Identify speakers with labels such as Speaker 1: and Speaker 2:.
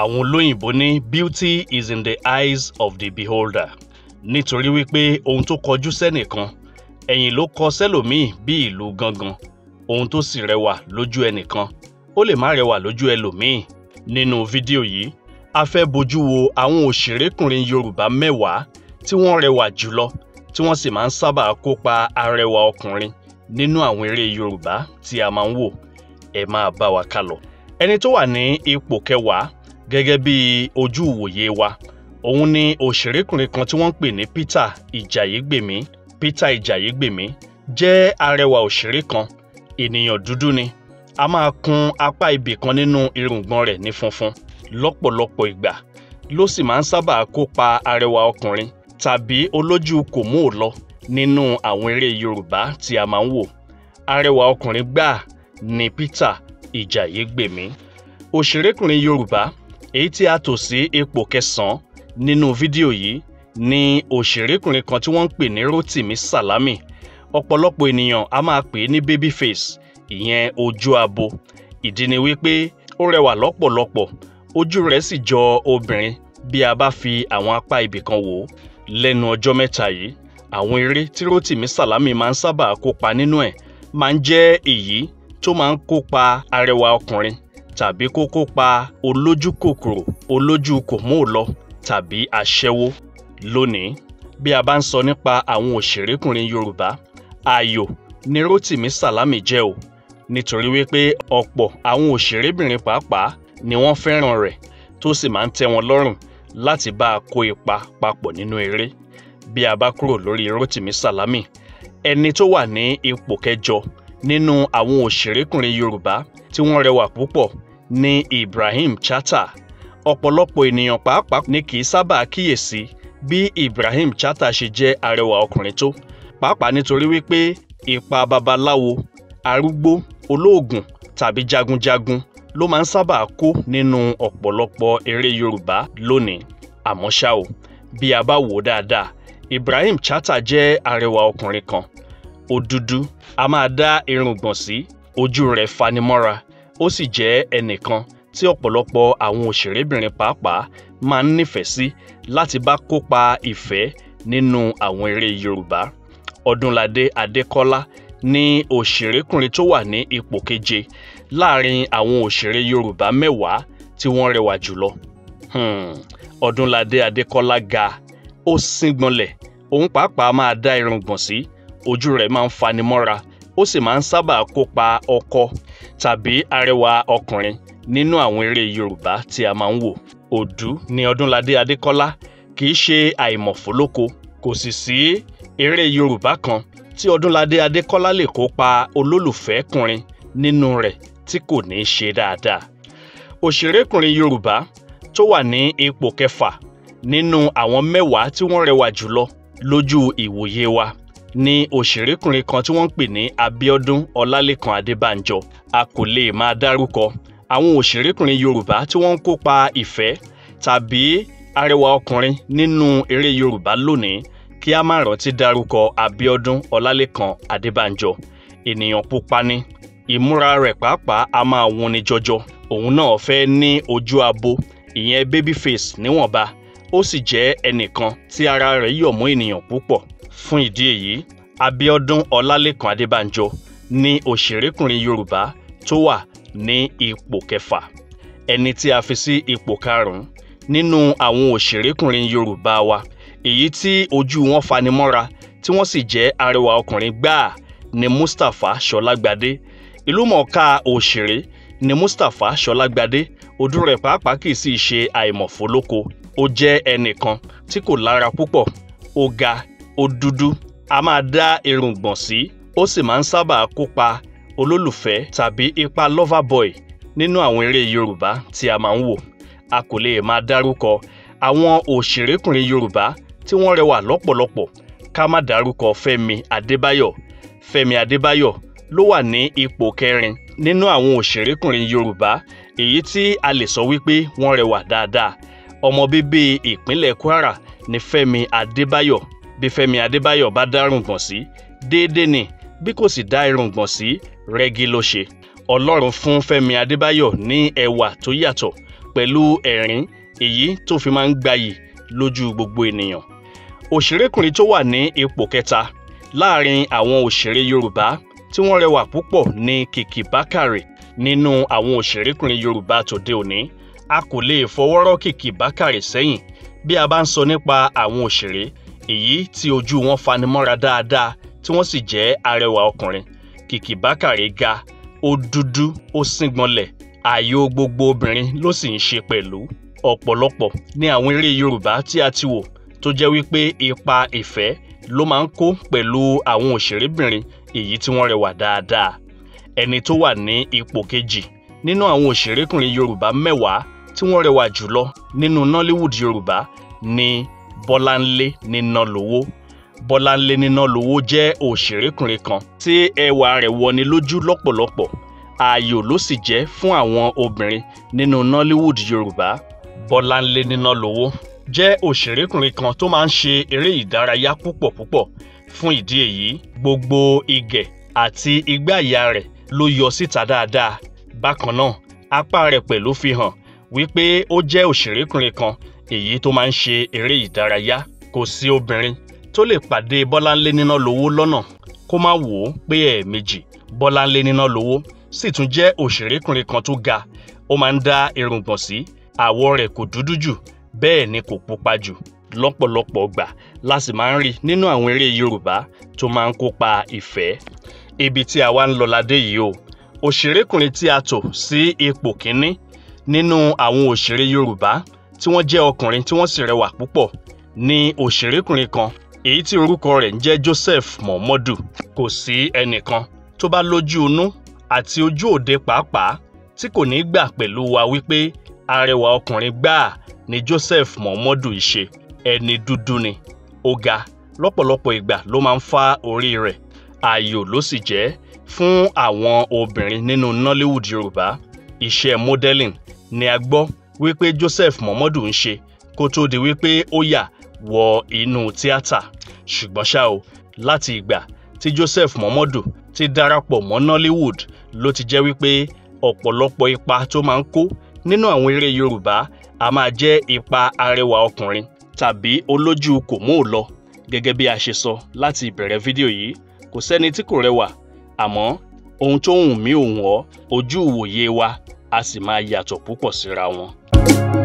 Speaker 1: àwọn olóyìnbó ní beauty is in the eyes of the beholder nítorí wípé ohun tó kọjú sẹ́nìkan ẹ̀yìn ló kọ sẹ́lòmíì bí ìlú gangan ohun tó sì rẹwà lójú ẹnìkan ó lè má rẹwà lójú ẹlòmíì nínú fídíò yìí a fẹ́ bojú wo àwọn òṣèrékùnrin Yorùbá mẹ́wàá tí wọ́n rẹwà jùlọ tí wọ́n sì máa ń sábà kópa arẹwà ọkùnrin nínú àwọn eré Yorùbá tí a máa ń wò ẹ máa bá wa kálọ ẹni tó wà ní ipò kẹwàá gẹ́gẹ́ bí ojú ìwòye wa òun ni òṣèrékùnrin kan tí wọ́n ń pè ní Peter Ìjàyégbèmí Peter Ìjàyégbèmí jẹ́ arẹwà òṣèré kan ènìyàn dúdú ni a máa kun apá ibì kan nínú irùngbọ̀n rẹ̀ ní funfun lọ́pọ̀lọpọ̀ ìgbà ló sì máa ń sábà kópa arẹwà ọkùnrin tàbí olójú kòmóòlọ nínú àwọn eré Yorùbá tí a máa ń wò arẹwà ọkùnrin gbáà ni Peter Ìjàyégbèmí òṣèrékùnrin Yorùbá èyí tí a tò sí ipò kẹsàn-án nínú fídíò yìí ni òṣèrékùnrin kan tí wọ́n ń pè ní Rotimi Salami ọ̀pọ̀lọpọ̀ ènìyàn a máa pè é ní babyface ìyẹn ojú abo ìdí ni wípé ó rẹwà lọ́pọ̀lọpọ̀ ojú rẹ̀ sì jọ obìnrin bí a bá fi àwọn apá ibìkan wò ó lẹ́nu ọjọ́ mẹ́ta yìí àwọn eré tí Rotimi Salami máa ń sábà kópa nínú ẹ̀ máa ń jẹ́ èyí tó máa ń kópa arẹwà ọkùnrin tàbí kó kópa olójúkòkòrò olójú kòmóòlọ tàbí aṣẹ́wó. Lónìí, bí a bá ń sọ nípa àwọn òṣèrékùnrin Yorùbá, ààyò ni Rótìmí Sàlámì jẹ́ o nítorí wípé ọ̀pọ̀ àwọn òṣèrébìnrin pàápàá ni wọ́n fẹ́ràn rẹ̀ tó sì máa ń tẹ́ wọn lọ́rùn láti bá a kó ipa papọ̀ nínú eré bí a bá kúrò lórí Rótìmí Sàlámì ẹni tó wà ní ipò kẹjọ nínú àwọn òṣèrékùnrin Yorùbá tí wọ́n rẹwà púpọ̀ ni Ibrahim Chatta ọ̀pọ̀lọpọ̀ ènìyàn pàápàá ni kì í sábà kíyèsí bí Ibrahim Chatta ṣe jẹ́ arẹwà ọkùnrin tó pàápàá nítorí wípé ipa babaláwo arúgbó olóògùn tàbí jagunjagun ló máa ń sábà kó nínú ọ̀pọ̀lọpọ̀ eré Yorùbá lónìí àmọ́ ṣá o bí a bá wò ó dáadáa Ibrahim Chatta jẹ́ arẹwà ọkùnrin kan ó a máa dá irùngbọ̀n sí ojú rẹ̀ fanimọ́ra ó sì jẹ́ ẹnìkan tí ọ̀pọ̀lọpọ̀ àwọn òṣèrébìnrin pàápàá máa ń nífẹ̀ẹ́ sí láti bá kópa ìfẹ́ nínú àwọn eré Yorùbá Ọdúnladé Adékọ́lá ní òṣèrékùnrin tó wà ní ipò keje láàrin àwọn òṣèré Yorùbá mẹ́wàá tí wọ́n rẹwà jùlọ hmm. Ọdúnladé Adékọ́lá ga ó síngbọnlẹ̀ òun pàápàá máa dá irungbọ̀n sí ojú rẹ̀ máa ń fanimọ́ra ó sì máa ń sábà kópa ọkọ tàbí arẹwà ọkùnrin nínú àwọn eré Yorùbá tí a máa ń wò òdú ni Ọdúnladé Adékọ́lá kì í ṣe àìmọ̀fólóko kò sì sí eré Yorùbá kan tí Ọdúnladé Adékọ́lá lè kópa olólùfẹ́kùnrin nínú rẹ̀ tí kò ní í ṣe dáadáa òṣèrékùnrin Yorùbá tó wà ní ipò kẹfà nínú àwọn mẹ́wàá tí wọ́n rẹwà jùlọ lójú ìwòye wa ni òṣèrékùnrin kan tí wọ́n ń pè ní Abíọ́dún Ọlálékan Adébánjọ a kò lè máa dárúkọ àwọn òṣèrékùnrin Yorùbá tí wọ́n ń kópa ìfẹ́ tàbí arẹwà ọkùnrin nínú eré Yorùbá lónìí kí a má rántí dárúkọ Abíọ́dún Ọlálékan Adébánjọ ènìyàn pupa ni ìmúra rẹ̀ pàápàá a máa wuni jọjọ òun náà fẹ́ ní ojú abo ìyẹn baby face níwọ̀nba ó sì jẹ́ ẹnìkan tí ara rẹ̀ yọ̀ mọ́ ènìyàn púpọ̀ fún ìdí èyí Abíọ́dún Ọlálékan Adébánjọ ni òṣèrékùnrin Yorùbá tó wà ní ipò kẹfà ẹni tí a fi sí ipò karùn-ún nínú àwọn òṣèrékùnrin Yorùbá wa èyí tí ojú wọn fanimọ́ra tí wọ́n sì jẹ́ arẹwà ọkùnrin gbáà ni Mustapha Ṣọlágbadé ìlúmọ̀ọ́ká òṣèré ni Mustapha Ṣọlágbadé ojú rẹ̀ pàápàá kì í sì ṣe àìmọ̀fólóko ó jẹ́ ẹnìkan tí kò lára púpọ̀ ó ga ó dúdú a máa dá irùngbọ̀n sí ó sì máa ń sábà kópa olólùfẹ́ tàbí ipa loverboy nínú àwọn eré yorùbá tí a máa ń wò a kò lè máa dárúkọ àwọn òṣèrékùnrin yorùbá tí wọ́n rẹwà lọ́pọ̀lọpọ̀ ká má dárúkọ fẹ́mi adébáyọ̀ fẹ́mi adébáyọ̀ ló wà ní ipò kẹrin nínú àwọn òṣèrékùnrin yorùbá èyí tí a lè sọ wípé wọ́n rẹwà dáadáa ọmọ bíbí ìpínlẹ̀ kwara ni fẹ́mi adébáyọ̀ bí Fẹ́mi Adébáyọ̀ bá dárùngbọ̀n sí déédéé ni bí kò sì dá irùngbọ̀n sí rẹ́gí ló ṣe Ọlọ́run fún Fẹ́mi Adébáyọ̀ ní ẹwà tó yàtọ̀ pẹ̀lú ẹ̀rín èyí tó fi máa ń gbayì lójú gbogbo ènìyàn òṣèrékùnrin tó wà ní ipò kẹta láàrin àwọn òṣèré Yorùbá tí wọ́n rẹwà púpọ̀ ní Kìkì Bákàrè nínú àwọn òṣèrékùnrin Yorùbá tòde òní a kò lè fọwọ́rọ́ Kìkì Bákàrè sẹ́yìn bí a bá ń sọ nípa àwọn òṣèré èyí tí ojú wọn fanimọ́ra dáadáa tí wọ́n sì jẹ́ arẹwà ọkùnrin Kìkì Bákàrè ga ó dúdú ó síngbọnlẹ̀ ààyò gbogbo obìnrin ló sì ń ṣe pẹ̀lú ọ̀pọ̀lọpọ̀ ní àwọn eré Yorùbá tí a ti wò tó jẹ́ wípé ipa ìfẹ́ ló máa ń kó pẹ̀lú àwọn òṣèrébìnrin èyí tí wọ́n rẹwà dáadáa ẹni tó wà ní ipò kejì nínú àwọn òṣèrékùnrin Yorùbá mẹ́wàá tí wọ́n rẹwà jùlọ nínú Nollywood Yorùbá ni bọ́láńlé níná lówó bọ́láńlé níná lówó jẹ́ òṣèrékùnrin kan tí ẹwà rẹ̀ wọni lójú lọ́pọ̀lọpọ̀ ààyò ló sì jẹ́ fún àwọn obìnrin nínú nollywood yorùbá bọ́láńlé níná lówó jẹ́ òṣèrékùnrin kan tó máa ń ṣe eré ìdárayá púpọ̀ púpọ̀ fún ìdí èyí gbogbo igẹ̀ àti igbá àyà rẹ̀ ló yọ síta dáadáa bákan náà apá rẹ̀ pẹ̀lú fi hàn wípé ó jẹ́ òṣèrékùnrin kan èyí tó máa ń ṣe eré ìdárayá kò sí obìnrin tó lè pàdé bọ́láńlé níná lówó lọ́nà kó má wò ó pé ẹ̀ẹ̀mejì bọ́láńlé níná lówó sì tún jẹ́ òṣèrékùnrin kan tó ga ó máa ń dá irùngbọ̀n sí àwọ̀ rẹ̀ kò dúdú jù bẹ́ẹ̀ ni kò pupa jù lọ́pọ̀lọpọ̀ gbà la sì máa ń rí nínú àwọn eré Yorùbá tó máa ń kópa ìfẹ́ ibi tí a wá ń lọ ládé yìí o òṣèrékùnrin tí a tò sí ipò kínní nínú àwọn òṣèré Yorùbá tí wọ́n jẹ́ ọkùnrin tí wọ́n sì rẹwà púpọ̀ ni òṣèrékùnrin kan èyí tí orúkọ rẹ̀ ń jẹ́ Joseph Muhammadu kò sí ẹnìkan tó bá lójú inú àti ojú òde pàápàá tí kò ní gbà pẹ̀lú wa wípé arẹwà ọkùnrin gbáà ni Joseph Muhammadu ṣe ẹni dúdú ni ó ga lọ́pọ̀lọpọ̀ ìgbà ló máa ń fá orí rẹ̀ ààyò ló sì jẹ́ fún àwọn obìnrin nínú Nollywood Yorùbá iṣẹ́ modeling ni a gbọ́ wípé Joseph Momodu ń ṣe kó tó di wípé ó yà wọ inú tíátà ṣùgbọ́n ṣá o láti ìgbà tí Joseph Momodu ti darapọ̀ mọ́ Nollywood ló ti jẹ́ wípé ọ̀pọ̀lọpọ̀ ipa tó máa ń kó nínú àwọn eré Yorùbá a máa jẹ́ ipa arẹwà ọkùnrin tàbí olójú kò mú ò lọ gẹ́gẹ́ bí a ṣe sọ láti ìbẹ̀rẹ̀ fídíò yìí kò sẹ́ni tí kò rẹwà àmọ́ ohun tó hùn mí òun ọ́ ojú ìwòye wa a sì máa yàtọ̀ púpọ̀ síra wọn.